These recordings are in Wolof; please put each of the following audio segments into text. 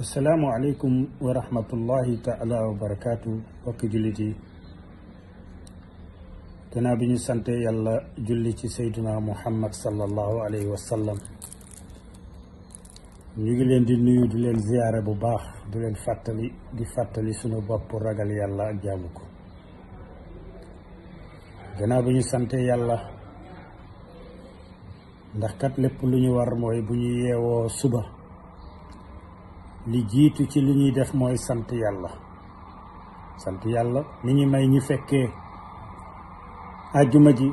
asalaamualeykum wa rahmatullahi taala wa barakaatu mbokki jullit yi gannaaw bi ñu sante yàlla julli ci sayduna muhammad sallallahu alayhi wa sallam ñu ngi leen di nuyu di leen ziyaare bu baax du leen fàttali di fàttali sunu bopp ragal yàlla ak jaamu ko gannaaw bu ñu sante yàlla ndax kat lépp lu ñu war mooy bu ñu yeewoo suba li jiitu ci li ñuy def mooy sant yàlla sant yàlla mi ñu may ñi fekkee àjjuma ji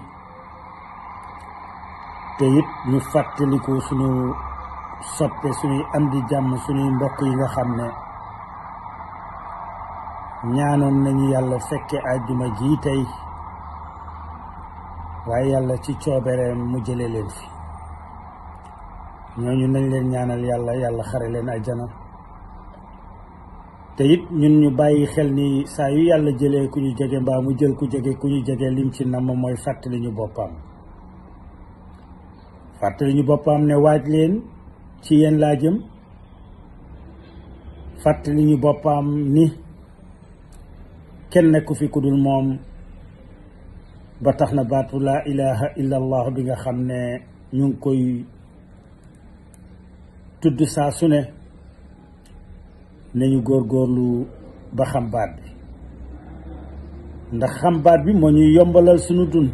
te it ñu fàttaliku suñu soppe suñuy am di jàmm suñuy mbokk yi nga xam ne ñaanoon nañu yàlla fekke àjjuma ji tey waaye yàlla ci coobereem mu jële leen fi ñooñu nañ leen ñaanal yàlla yàlla xare leen àjjana te it ñun ñu bàyyi xel ni saa yu yàlla jëlee ku ñu jege mbaa mu jël ku jege ku ñu jege lim ci namm mooy fàttali ñu boppam fàttali ñu boppam ne waaj leen ci yéen laa jëm fàttali ñu boppam ni kenn nekku fi ku moom ba tax na baatu laa ilaha illa bi nga xam ne ñu ngi koy tudd saa su ne nañu góorgóorlu ba xam baat bi ndax xam baat bi moo ñuy yombalal sunu dund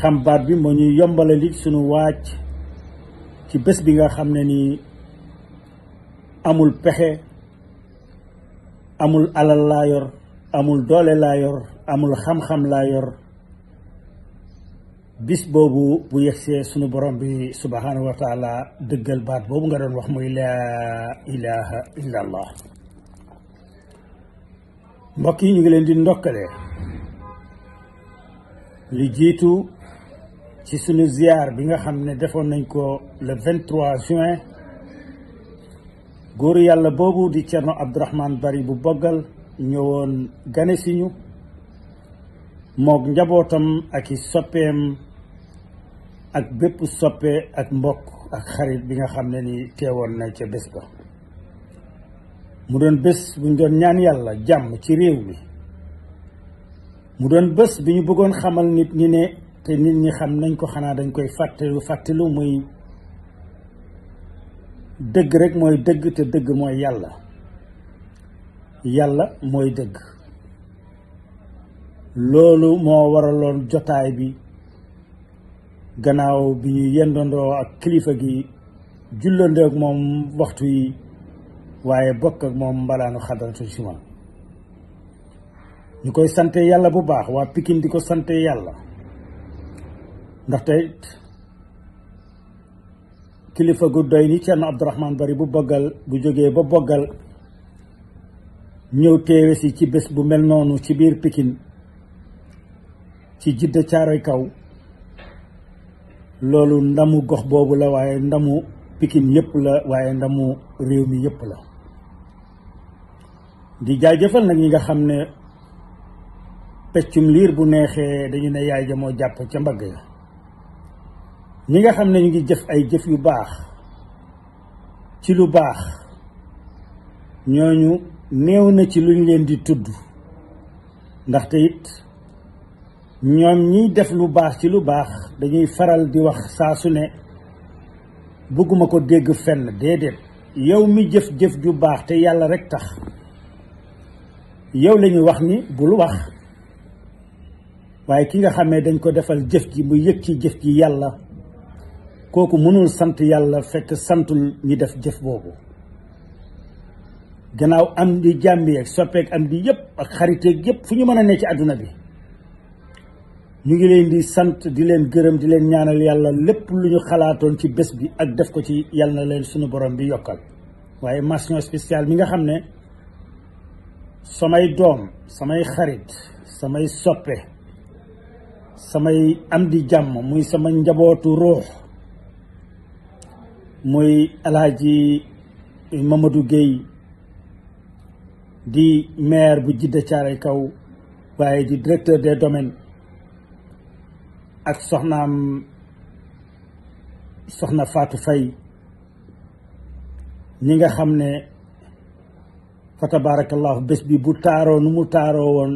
xam baat bi moo ñuy yombalali sunu waaj ci bés bi nga xam ne nii amul pexe amul alal laa yor amul doole laa yor amul xam-xam laa yor bis boobu bu yegsee sunu borom bi subhaanahu wa taala dëggal baat boobu nga doon wax muy laa ilaha illa allah mbokk yi ñu ngi leen di ndokkale li jiitu ci sunu ziar bi nga xam ne defoon nañ ko le vingt trois juin góoru yàlla boobu di Cerno Abdourahmane Bari bu boggal ñëwoon gane siñu moog njabootam aki i soppeem ak bépp soppe ak mbokk ak xarit bi nga xam ne ni teewoon na ca bés ba mu doon bés buñ doon ñaan yàlla jàmm ci réew mi mu doon bés bi ñu bëggoon xamal nit ñi ne te nit ñi xam nañ ko xanaa dañ koy fàttalu fàttalu muy dëgg rek mooy dëgg te dëgg mooy yàlla yàlla mooy dëgg loolu moo waraloon jotaay bi gannaaw bi ñu yendandoo ak kilifa gi jullandoo moom waxtu yi waaye bokk ak moom mbalaanu xadaratu juma ñu koy sante yàlla bu baax waa Pikine di ko sante yàlla ndaxte kilifa gu doy ni Cerno Abdourahmane Bari bu boggal bu jógee ba boggal ñëw teewe si ci bés bu mel noonu ci biir Pikine ci jidda caaroy kaw loolu ndamu gox boobu la waaye ndamu Pikine yépp la waaye ndamu réew mi yépp la di jaajëfal nag ñi nga xam ne peccum liir bu neexee dañu ne yaay ja jàpp ca mbagg ya ñi nga xam ne ñu ngi jëf ay jëf yu baax ci lu baax ñooñu néew na ci luñ leen di tudd ndaxte it ñoom ñiy def lu baax ci lu baax dañuy faral di wax saa su ne bëgguma ko dégg fenn déedéet yow mi jëf-jëf ju baax te yàlla rek tax yow lañuy wax ni bul wax waaye ki nga xamee dañ ko defal jëf ji mu yëg ci jëf ji yàlla kooku mënul sant yàlla fekk santul ñi def jëf boobu gannaaw am di jàmbi ak soppeek am di yëpp ak xariteeg yëpp fu ñu mën a ne ci àdduna bi ñu ngi leen di sant di leen gërëm di leen ñaanal yàlla lépp lu ñu xalaatoon ci bés bi ak def ko ci yàlla na leen suñu borom bi yokkal waaye mention spéciale mi nga xam ne samay doom samay xarit samay soppe samay am di jàmm muy sama njabootu ruux muy alaaji Mamadou géey di maire bu Jidda Caaray Kaw waaye di directeur des domaines ak soxnaam soxna Fatou Faye ñi nga xam ne fa tabarakallahu bés bi bu taaroo nu mu taaroo woon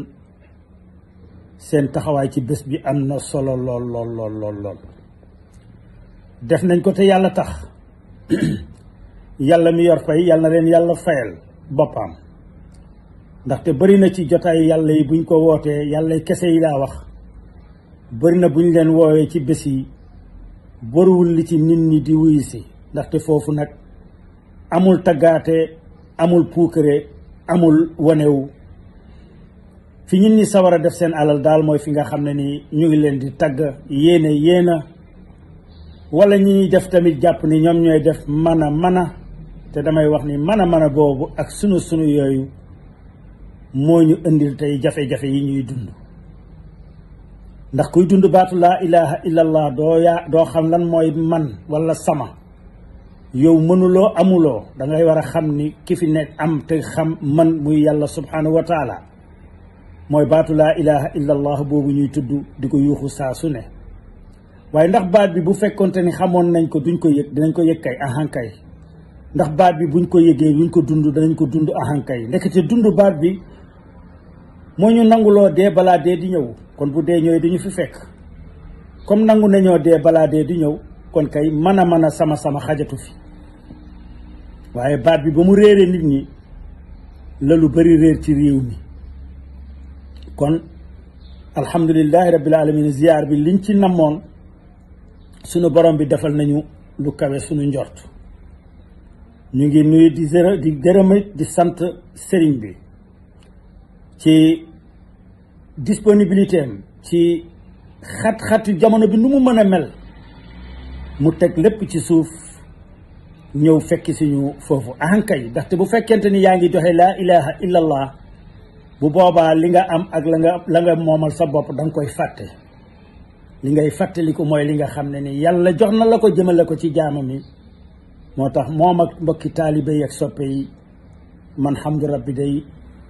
seen taxawaay ci bés bi am na solo lool lool lool def nañ ko te yàlla tax yàlla mi yor fay yàlla na leen yàlla fayal boppam ndaxte bari na ci jotaay yàlla yi buñ ko wootee yàlla kese yi laa wax bëri na buñ leen woowee ci bés yi bëriwul li ci nit ñi di wuyu si ndaxte foofu nag amul taggaate amul puukare amul wanewu fi nit ñi sawar a def seen alal daal mooy fi nga xam ne ni ñu ngi leen di tagg yéena yéena wala ñi def tamit jàpp ni ñoom ñooy def man a a te damay wax ni man a man a boobu ak sunu sunu yooyu moo ñu indil tey jafe-jafe yi ñuy dund ndax kuy dund baatu laa ilaha illallah doo yaa doo xam lan mooy man wala sama yow mënuloo amuloo dangay war a xam ni ki fi nekk am te xam man muy yàlla subhanahu wa mooy baatu laa ilaha illallah boobu ñuy tudd di ko yuuxu saa su ne waaye ndax baat bi bu fekkonte ni xamoon nañ ko duñ ko yëg danañ ko yëg kay ahankay ndax baat bi buñ ko yëgee buñ ko dund danañ ko dund ahankay ndekete dund baat bi moo ñu nanguloo dee balaa dee di ñëw kon bu dee ñooy dañu fi fekk comme nangu nañoo dee balaa dee di ñëw kon kay mën a mën a sama sama xajatu fi waaye baat bi ba mu réeree nit ñi la lu bari réer ci réew mi kon alhamdulillahi rabbil alamin ziyaar bi liñ ci namoon sunu borom bi defal nañu lu kawe sunu njort ñu ngi nuyu di zéro di di sant sëriñ bi ci disponibilité am ci xat-xati jamono bi nu mu mën a mel mu teg lépp ci suuf ñëw fekk suñu foofu ankay ndaxte bu fekkente ni yaa ngi joxe laa ilaha illa bu boobaa li nga am ak la nga la nga moomal sa bopp danga koy fàtte li ngay fàttaliku mooy li nga xam ne ni yàlla jox na la ko jëmale ko ci jaamam yi moo tax moom ak mbokki taalibe yi ak soppe man xam nga rabbi day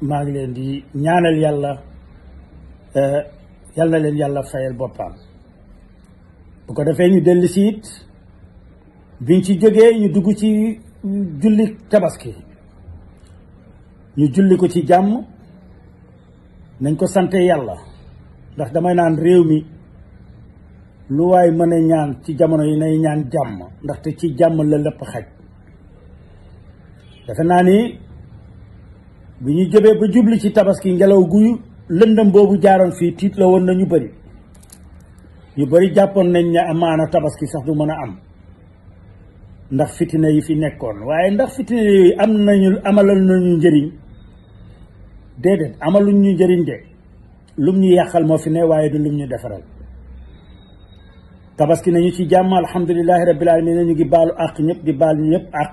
maa ngi leen di ñaanal yàlla Eh, yàlla leen yàlla fayal boppam bu ko defee ñu dellu si biñ ci jógee ñu dugg ci julli tabaski ñu julli ko ci jàmm nañ ko sante yàlla ndax damay naan réew mi lu waay mën a ñaan ci jamono yi nay ñaan jàmm ndaxte ci jàmm la lépp xaj defe naa ni ñu jëbee ba jubli ci tabaski ngelaw guy lëndëm boobu jaaroon fii tiit la woon na ñu bëri ñu bëri jàppoon nañ ne amaana tabaski sax du mën a am ndax fitina yi fi nekkoon waaye ndax fitina yooyu am nañu amalal nañu njëriñ déedéet amaluñ ñu njëriñ de lum ñu yàqal moo fi ne waaye du lum ñu defaral tabaski nañu ci jàmm alhamdulilahi rabbil alamin nañu gi baalu àq ñëpp di baal ñëpp àq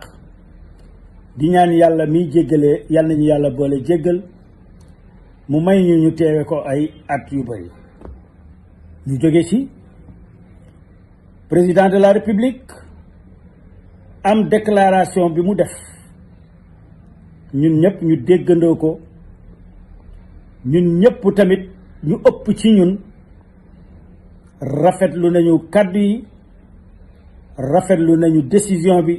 di ñaan yàlla miy jéggalee yàlla nañu yàlla boole jéggal mu may ñu ñu teewe ko ay at yu bari ñu jóge ci président de la république am declaration bi mu def ñun ñëpp ñu déggandoo ko ñun ñëpp tamit ñu ëpp ci ñun rafetlu nañu kàddu yi rafetlu nañu décision bi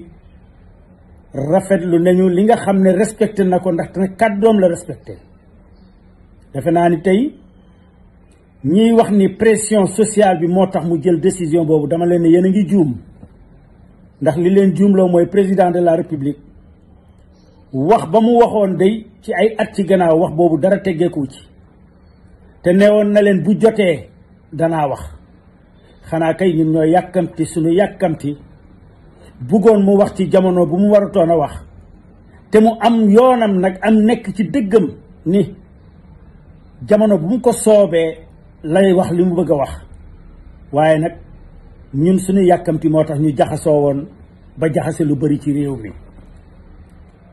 rafetlu nañu li nga xam ne respecté na ko ndax te kàddoom la respecté defe naa ni tey ñiy wax ni pression sociale bi moo tax mu jël décision boobu dama leen ne yéen a ngi juum ndax li leen juumloo mooy président de la république wax ba mu waxoon day ci ay at ci gannaaw wax boobu dara teggeeku ci te neewoon na leen bu jotee danaa wax xanaa kay ñun ñoo yàkkamti suñu yàkkamti buggoon mu wax ci jamono bu mu waratoon a wax te mu am yoonam nag am nekk ci dëggam ni jamono bu mu ko soobee lay wax li mu bëgg a wax waaye nag ñun suñu yàkkamti moo tax ñu jaxasoo woon ba jaxasee lu bari ci réew mi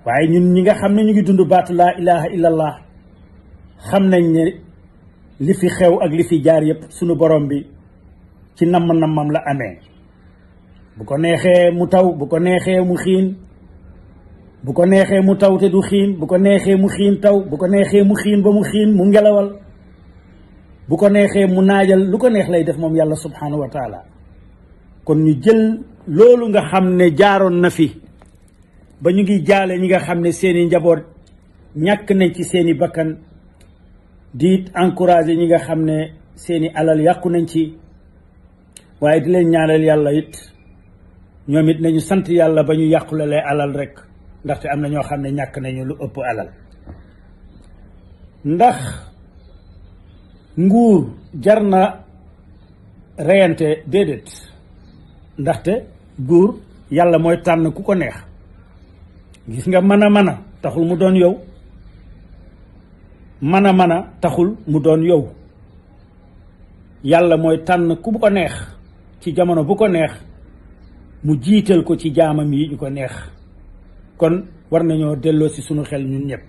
waaye ñun ñi nga xam ne ñu ngi dund baatu la ilaha illallah xam nañ ne li fi xew ak li fi jaar yëpp sunu borom bi ci namm-nammam la amee bu ko neexee mu taw bu ko neexee mu xiin bu ko neexee mu taw te du xiin bu ko neexee mu xiin taw bu ko neexee mu xiin ba mu xiin mu ngelawal bu ko neexee mu naajal lu ko neex lay def moom yàlla subhanahu wa kon ñu jël loolu nga xam ne jaaroon na fi ba ñu ngi jaalee ñi nga xam ne seeni njaboot ñàkk nañ ci seeni bakkan di encourager ñi nga xam ne seeni alal yàqu nañ ci waaye di leen ñaanal yàlla it ñoom it nañu sant yàlla ba ñu yàqulalee alal rek ndaxte am na ñoo xam ne ñàkk nañu lu ëpp alal ndax nguur jar na reyante déedéet ndaxte nguur yàlla mooy tànn ku ko neex gis nga mën a mën a taxul mu doon yow mën a mën a taxul mu doon yow yàlla mooy tànn ku ko neex ci jamono bu ko neex mu jiital ko ci jaamam yi ñu ko neex kon war nañoo delloo si suñu xel ñun ñëpp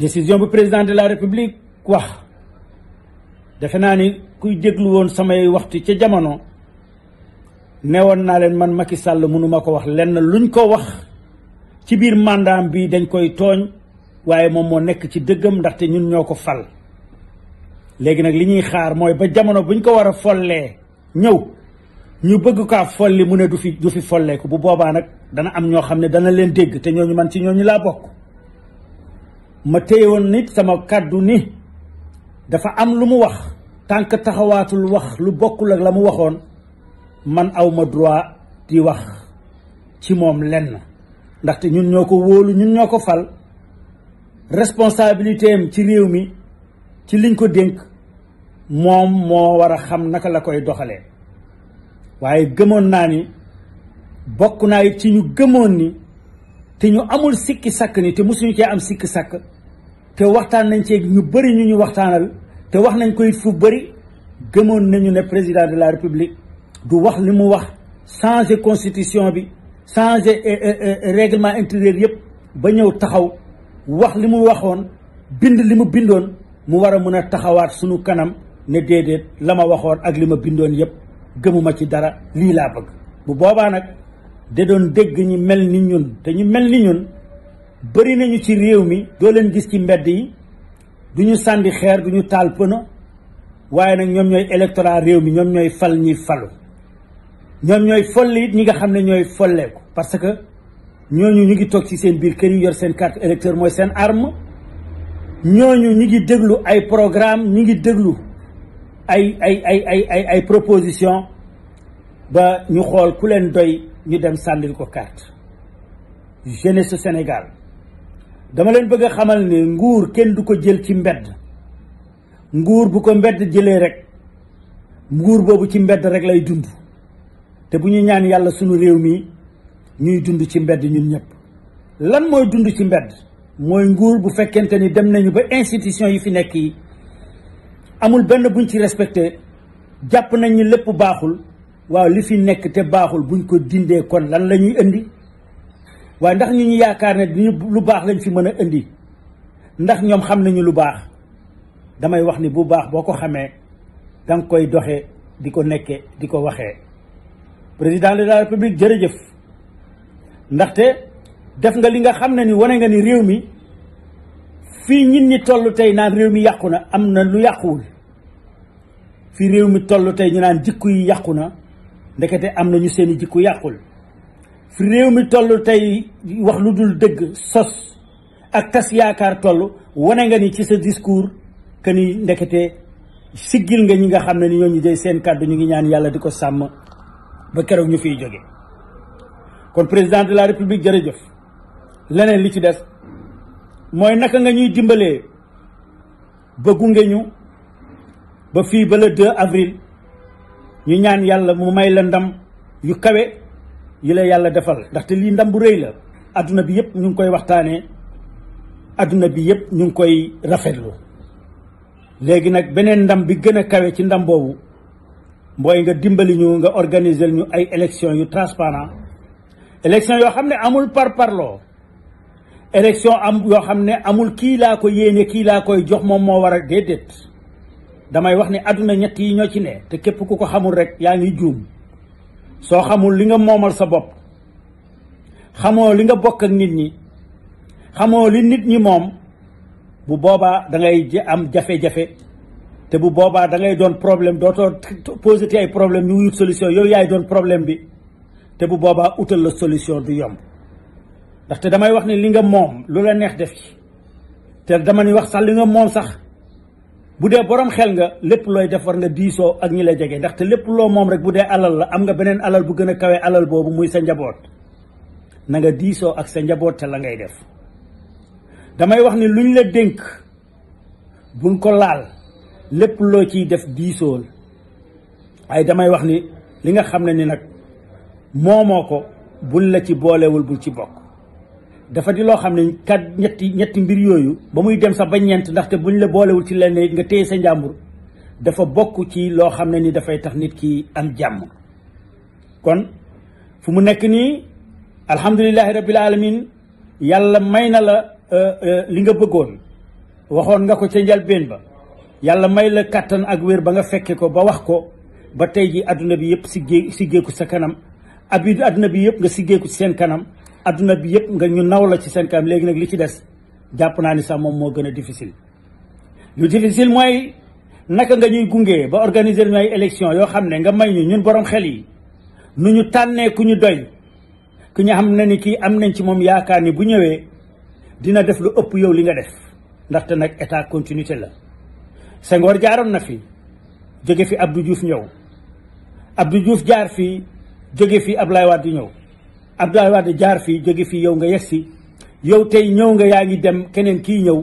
décision bu président de la république wax defe naa ni kuy déglu woon samay waxtu ca jamono newoon naa leen man ma Macky sàll mënuma ko wax lenn luñ ko wax ci biir màndaam bi dañ koy tooñ waaye moom moo nekk ci dëggam ndaxte ñun ñoo ko fal léegi nag li ñuy xaar mooy ba jamono buñ ko war a follee ñëw ñu bëgg kaa folli mu ne du fi du fi folleeku bu boobaa nag dana am ñoo xam ne dana leen dégg te ñooñu man ci ñu laa bokk ma téye woon nit sama kàddu ni dafa am lu mu wax tànk taxawaatul wax lu bokkul ak la mu waxoon man aw ma droit di wax ci moom lenn ndaxte ñun ñoo ko wóolu ñun ñoo ko fal responsabilité ci réew mi ci liñ ko dénk moom moo war a xam naka la koy doxalee waaye gëmoon naa ni bokk naa it ci ñu gëmoon ni te ñu amul sikki sakk ni te mosuñu cee am sikki sakk te waxtaan nañ cee ñu bëri ñu ñu waxtaanal te wax nañ ko it fu bëri gëmoon nañu ne président de la république du wax li mu wax changé constitution bi changer euh, euh, euh, réglement intérieur yëpp ba ñëw taxaw wax li mu waxoon bind li mu bindoon mu war a mën a taxawaat sunu kanam ne déedéet la ma waxoon ak li ma bindoon yëpp gëmuma ci dara lii laa bëgg bu boobaa nag da doon dégg ñi mel ni ñun te ñu mel ni ñun bëri nañu ci réew mi doo leen gis ci mbedd yi du ñu sànni xeer du ñu taal pëno waaye nag ñoom ñooy électorat réew mi ñoom ñooy fal ñi falu ñoom ñooy folle it ñi nga xam ne ñooy folleeku parce que ñooñu ñu ngi toog ci seen biir kër yi yor seen carte électeur mooy seen arm ñooñu ñu ngi déglu ay programme ñu ngi déglu ay ay ay ay ay ay proposition ba ñu xool ku leen doy ñu dem sànnil ko carte jeunesse Sénégal dama leen bëgg xamal ne nguur kenn du ko jël ci mbedd nguur bu ko mbedd jëlee rek nguur boobu ci mbedd rek lay dund te bu ñu ñaan yàlla sunu réew mi ñuy dund ci mbedd ñun ñëpp lan mooy dund ci mbedd mooy nguur bu fekkente ni dem nañu ba institution yi fi nekk yi amul benn buñ ci respecté jàpp nañ ñu lépp baaxul waaw li fi nekk te baaxul buñ ko dindee kon lan la ñuy indi waaye ndax ñu ñu yaakaar ne duñu lu baax lañ fi mën a indi ndax ñoom xam nañu lu baax damay wax ni bu baax boo ko xamee danga koy doxee di ko nekkee di ko waxee président de la république jërëjëf ndaxte def nga li nga xam na ni wane nga ni réew mi fii ñit ñi toll tey naan réew mi yàqu na am na lu yàquwul fi réew mi toll tey ñu naan jikko yi yàqu na ndekete am na ñu seen jikku jikko yàqul fi réew mi toll tey wax lu dul dëgg sos ak tas yaakaar toll wane nga ni ci sa discours que ni ndekete siggil nga ñi nga xam ne ni ñu day seen kàddu ñu ngi ñaan yàlla di ko sàmm ba keroog ñu fiy jóge kon président de la république jërëjëf leneen li ci des mooy naka nga ñuy dimbalee bëggu nga ñu ba fii ba le 2 avril ñu ñaan yàlla mu may la ndam yu kawe yi la yàlla defal ndaxte lii ndam bu rëy la adduna bi yëpp ñu ngi koy waxtaanee àdduna bi yëpp ñu ngi koy rafetlu léegi nag beneen ndam bi gën a kawe ci ndam boobu mooy nga dimbali ñu nga organiser ñu ay élection yu transparent élection yoo xam ne amul par parloo élection am yoo xam ne amul kii laa ko yéene kii laa koy jox moom moo war a déedéet damay wax ni àdduna ñett yi ñoo ci ne te képp ku ko xamul rek yaa ngi juum soo xamul li nga moomal sa bopp xamoo li nga bokk ak nit ñi xamoo li nit ñi moom bu boobaa da ngay am jafe-jafe te bu boobaa dangay doon problème dootoo posé te ay problème ñu wut solution yow yaay doon problème bi te bu boobaa utal la solution du yomb ndaxte damay wax ni li nga moom lu la neex def ci te dama ni wax sax li nga moom sax bu dee borom xel nga lépp looy def war nga diisoo ak ñi lay jege ndaxte lépp loo moom rek bu dee alal la am nga beneen alal bu gën a kawe alal boobu muy sa njaboot na nga diisoo ak sa njaboot te la ngay def damay wax ni luñ la dénk buñ ko laal lépp loo ciy def diisool ay damay wax ni li nga xam ne ni nag moomoo ko buñ la ci boolewul bul ci bokk dafa di loo xam ne kat ñetti ñetti mbir yooyu ba muy dem sax ba ñeent ndaxte buñ la boolewul ci lenn nga téye sa njàmbur dafa bokk ci loo xam ne ni dafay tax nit ki am jàmm kon fu mu nekk nii alhamdulilahi rabbil alamin yàlla may na la euh, euh, li nga bëggoon waxoon nga ko ca njalbeen ba yàlla may la kàttan ak wér ba nga fekke ko ba wax ko ba tey ji àdduna bi yëpp siggee siggeeku sa kanam abi adduna bi yëpp nga siggeeku ci seen kanam adduna bi yëpp nga ñu naw la ci seen kanam léegi nag li ci des jàpp naa ni sax moom moo gën a difficile lu difficile mooy naka nga ñuy gunge ba organiser ñu ay élection yoo xam ne nga may ñu ñun borom xel yi nu ñu tànnee ku ñu doy ku ñu xam na ni kii am nañ ci moom yaakaar ni bu ñëwee dina def lu ëpp yow li nga def ndaxte nag état continuité la Senghor jaaroon na fi jóge fi Abdou Diouf ñëw du Diouf jaar fi jóge fi Abdoulaye Wade ñëw Abdoulaye Wade jaar fii jóge fii yow nga yegg si yow tey ñëw nga yaa ngi dem keneen kii ñëw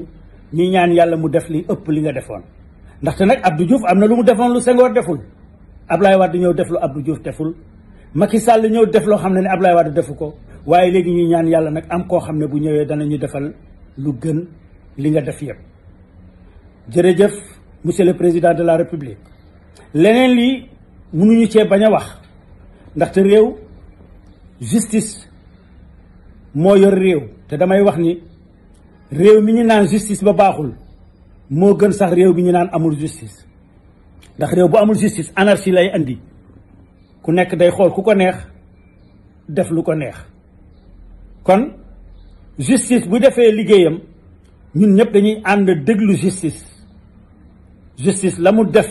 ñi ñaan yàlla mu def li ëpp li nga defoon ndaxte nag Abdou Diouf am na lu mu defoon lu Senghor deful Abdoulaye Wade ñëw def lu Abdou Diouf deful Macky Sall ñëw def loo xam ne ne Abdoulaye Wade defu ko waaye léegi ñuy ñaan yàlla nag am koo xam ne bu ñëwee danañu defal lu gën li nga def yëpp jërëjëf monsieur le président de la république leneen lii mënuñu cee bañ a wax ndaxte réew justice moo yor réew te damay wax ni réew mi ñu naan justice ba baaxul moo gën sax réew bi ñu naan amul justice ndax réew bu amul justice anarchie lay indi ku nekk day xool ku ko neex def lu ko neex kon justice bu defee liggéeyam ñun ñëpp dañuy ànd déglu justice justice la mu def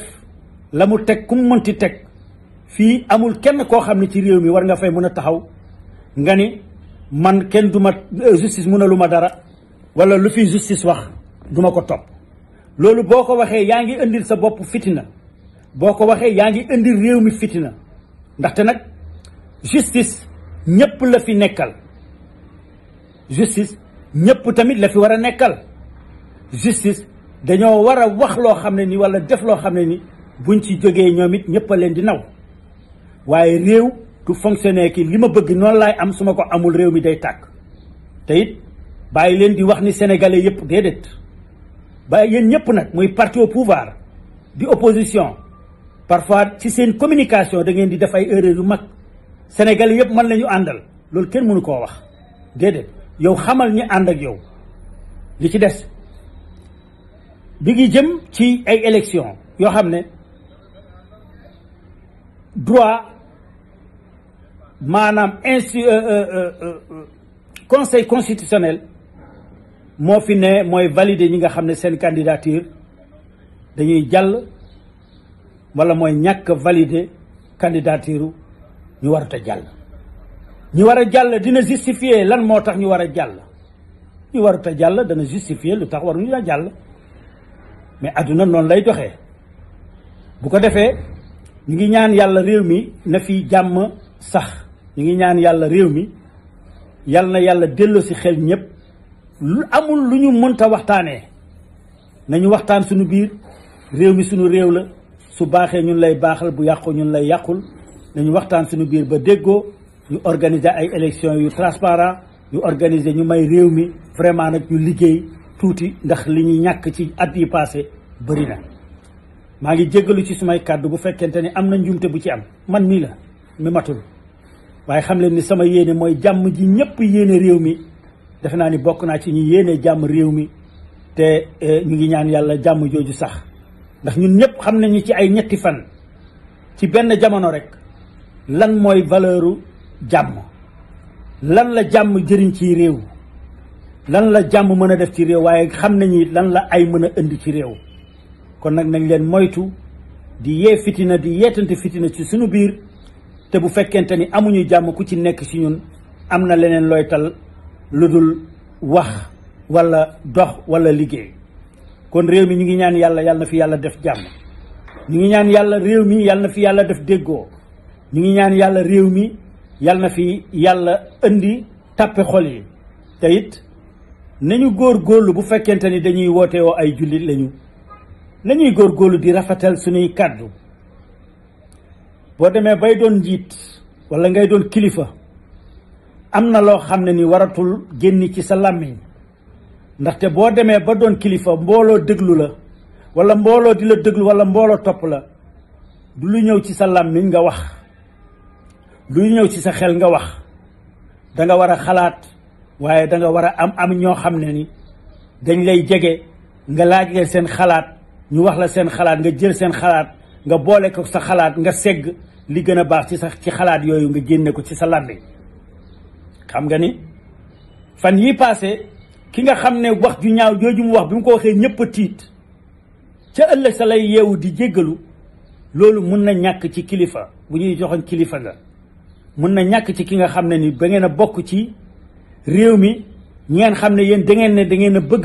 la mu teg ku mu mënti teg fii amul kenn koo xam ne ci réew mi war nga fay mën a taxaw nga ni man kenn du ma euh, justice mënalu ma dara wala lu fi justice wax du ma ko topp loolu boo ko waxee yaa ngi indil sa bopp fitina boo ko waxee yaa ngi indil réew mi fitina ndaxte nag justice ñëpp la fi nekkal justice ñëpp tamit la fi war a nekkal justice dañoo war a wax loo xam ne ni wala def loo xam ne ni buñ ci jógee ñoom it ñëpp leen di naw waaye réew du fonctionnaire ki li ma bëgg noonu laay am su ma ko amul réew mi day tàkk te it bàyyi leen di wax ni sénégalais yëpp déedéet bàyyi yéen ñëpp nag muy parti au pouvoir di opposition parfois ci seen communication da ngeen di def ay erreur yu mag sénégalais yëpp man lañu àndal loolu kenn mënu koo wax déedéet yow xamal ñi ànd ak yow li ci des bi ngi jëm ci ay élection yoo xam ne droit maanaam instu euh, euh, euh, conseil constitutionnel moo fi ne mooy valider ñi nga xam ne seen candidature dañuy jàll wala mooy ñàkk valider candidature ñu warut a jàll ñu war a jàll dina justifier lan moo tax ñu war a jàll ñu warut a jàll dana justifier lu tax waruñu a jàll mais àdduna noonu lay doxee bu ko defee ñu ngi ñaan yàlla réew mi na fi jàmm sax ñu ngi ñaan yàlla réew mi yal na yàlla delloo si xel ñëpp lu amul lu ñu mënta waxtaanee nañu waxtaan suñu biir réew mi suñu réew la su baaxee ñun lay baaxal bu yàqu ñun lay yàqul nañu waxtaan suñu biir ba déggoo ñu organiser ay élections yu transparent ñu organiser ñu may réew mi vraiment nag ñu liggéey tuuti ndax li ñuy ñàkk ci at yi passé bëri na maa ngi jéggalu ci sumay kàddu bu fekkente ni am na njuumte bu ci am man mii la mi matul waaye xam leen ni sama yéene mooy jàmm ji ñëpp yéene réew mi defe naa ni bokk naa ci ñu yéene jàmm réew mi te eh, ñu ngi ñaan yàlla jàmm jooju sax ndax ñun ñëpp xam nañu ci ay ñetti fan ci benn jamono rek lan mooy valeuru jàmm lan la jàmm jëriñ ci réew lan la jàmm mën a def ci réew waaye xam nañu lan la ay mën a indi ci réew kon nag nañ leen moytu di yee fitina di yeetante fitina ci suñu biir te bu fekkente ni amuñu jàmm ku ci nekk ci ñun am na leneen looy lu dul wax walla dox walla liggéey kon réew mi ñu ngi ñaan yàlla yàlla na fi yàlla def jàmm ñu ngi ñaan yàlla réew mi yàlla na fi yàlla def déggoo ñu ngi ñaan yàlla réew mi yàlla na fi yàlla indi tàppe xol yi te it nañu góor góorlu bu fekkente ni dañuy woote ay jullit lañu nañuy góor góorlu di rafetal suñuy kàddu boo demee bay doon njiit wala ngay doon kilifa am na loo xam ne ni waratul génn ci sa làmmiñ ndaxte boo demee ba doon kilifa mbooloo déglu la wala mbooloo di la déglu wala mbooloo topp la du lu ñëw ci sa làmmiñ nga wax lu ñëw ci sa xel nga wax danga war a xalaat waaye danga war a am am ñoo xam ne ni dañ lay jege nga laaj leen seen xalaat ñu wax la seen xalaat nga jël seen xalaat nga boole ko sa xalaat nga segg li gën a baax ci sax ci xalaat yooyu nga génne ko ci sa làmmiñ xam nga ni fan yi passé ki nga xam ne wax ju ñaaw jooju mu wax bi mu ko waxee ñëpp a tiit ca ëllëg sa lay yeewu di jéggalu loolu mun na ñàkk ci kilifa bu ñuy joxoon kilifa nga mun na ñàkk ci ki nga xam ne ni ba ngeen a bokk ci réew mi ngeen xam ne yéen da ngeen ne da ngeen a bëgg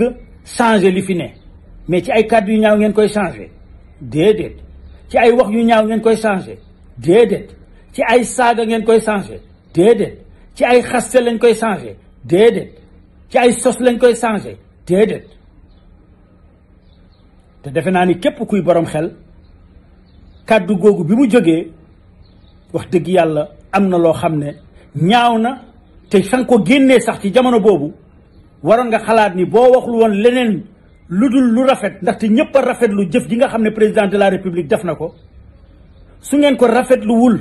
changer li fi ne mais ci ay kàddu yu ñaaw ngeen koy changer déedéet ci ay wax yu ñaaw ngeen koy changé déedéet ci ay saaga ngeen koy changé déedéet ci ay xaste lañ koy changé déedéet ci ay sos lañ koy changé déedéet te defe naa ni képp kuy boroom xel kàddu googu bi mu jógee wax dëgg yàlla am na loo xam ne ñaaw na te fa ko génnee sax ci jamono boobu waroon nga xalaat ni boo waxul woon leneen lu dul lu rafet ndaxte ñëpp a rafetlu jëf ji nga xam ne président de la république def na ko su ngeen ko rafetluwul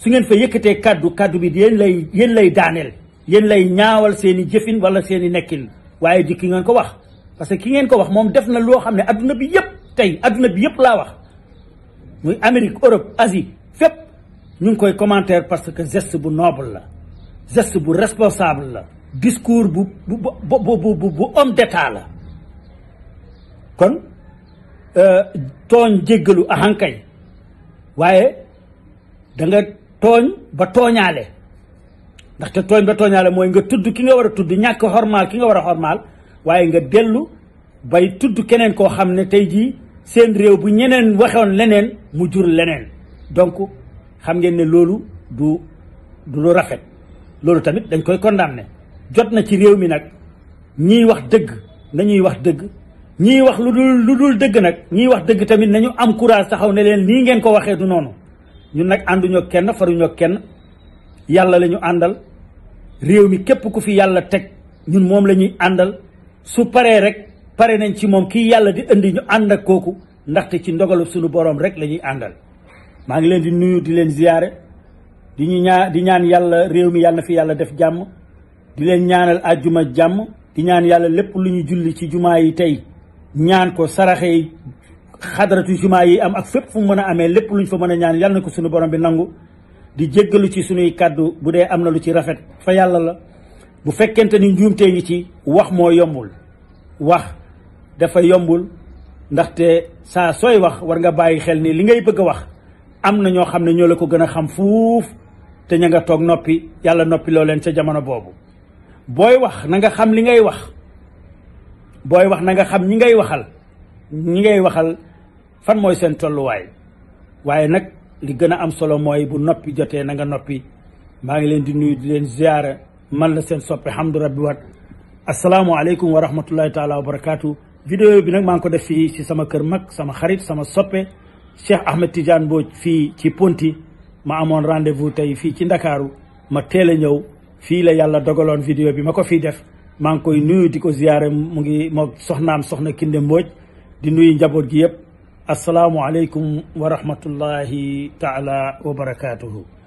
su ngeen fa yëkkatee kàddu kàddu bi yéen lay yéen lay daaneel yéen lay ñaawal seen i jëfin wala seen i nekkin waaye di ki ngeen ko wax parce que ki ngeen ko wax moom def na loo xam ne adduna bi yëpp tey adduna bi yëpp laa wax muy Amérique Europe Asie fépp ñu ngi koy commentaire parce que geste bu noble la geste bu responsable la discours bu bu bu bu bu la kon euh, tooñ jéggalu a ahankay waaye danga nga tooñ ba tooñaale ndaxte tooñ ba tooñaale mooy nga tudd ki nga war a tudd ñàkk xormaal ki nga war a xormaal waaye nga dellu bay tudd keneen koo xam ne tey jii seen réew bu ñeneen waxoon leneen mu jur leneen donc xam ngeen ne loolu du du lu rafet loolu tamit dañ koy condamné jot na ci réew mi nag ñiy wax dëgg nañuy wax dëgg ñiy wax lu dul lu dul dëgg nag ñiy wax dëgg tamit nañu am courage taxaw ne leen nii ngeen ko waxee du noonu ñun nag ànduñoo kenn faruñoo kenn yàlla lañu àndal réew mi képp ku fi yàlla teg ñun moom la ñuy àndal su paree rek pare nañ ci moom kii yàlla di indi ñu ànd ak kooku ndaxte ci ndogalu suñu boroom rek la ñuy àndal maa ngi leen di nuyu di leen ziyaare di ñu di ñaan yàlla réew mi yàlla na fi yàlla def jàmm di leen ñaanal àjjuma jàmm di ñaan yàlla lépp lu ñu julli ci jumaa yi tey ñaan ko saraxe yi xadaratu jumaa yi am ak fépp fu mën a amee lépp lu luñ fa mën a ñaan yàlla na ko suñu borom bi nangu di jéggalu ci suñuy kàddu bu dee am na lu ci rafet fa yàlla la bu fekkente ni njuumte ngi ci wax moo yombul wax dafa yombul ndaxte saa sooy wax war nga bàyyi xel ni li ngay bëgg a wax am na ñoo xam ne ñoo la ko gën a xam fuuf te ña nga toog noppi yàlla noppi loo leen ca jamono boobu booy wax na nga xam li ngay wax booy wax nanga xam ñi ngay waxal ñi ngay waxal fan mooy seen tolluwaay waaye nag li gën a am solo mooy bu noppi jotee na nga noppi maa ngi leen di nuyu di leen ziyaara man la seen soppe Hamdou Rabby Wane asalaamualeykum wa rahmatullahi taala wa barakaatu. vidéo bi nag maa ngi ko def fii si sama kër mag sama xarit sama soppe Cheikh Ahmed Tidiane boo fii ci Ponti ma amoon rendez-vous tey fii ci Ndakaaru ma teel a ñëw fii la yàlla dogaloon vidéo bi ma ko fii def maa ngi koy nuyu di ko ziyaare mu ngi moo soxnaam soxna Kinde Mbooj di nuyu njaboot gi yëpp asalaamualeykum wa rahmatullahi taala wa barakaatuhu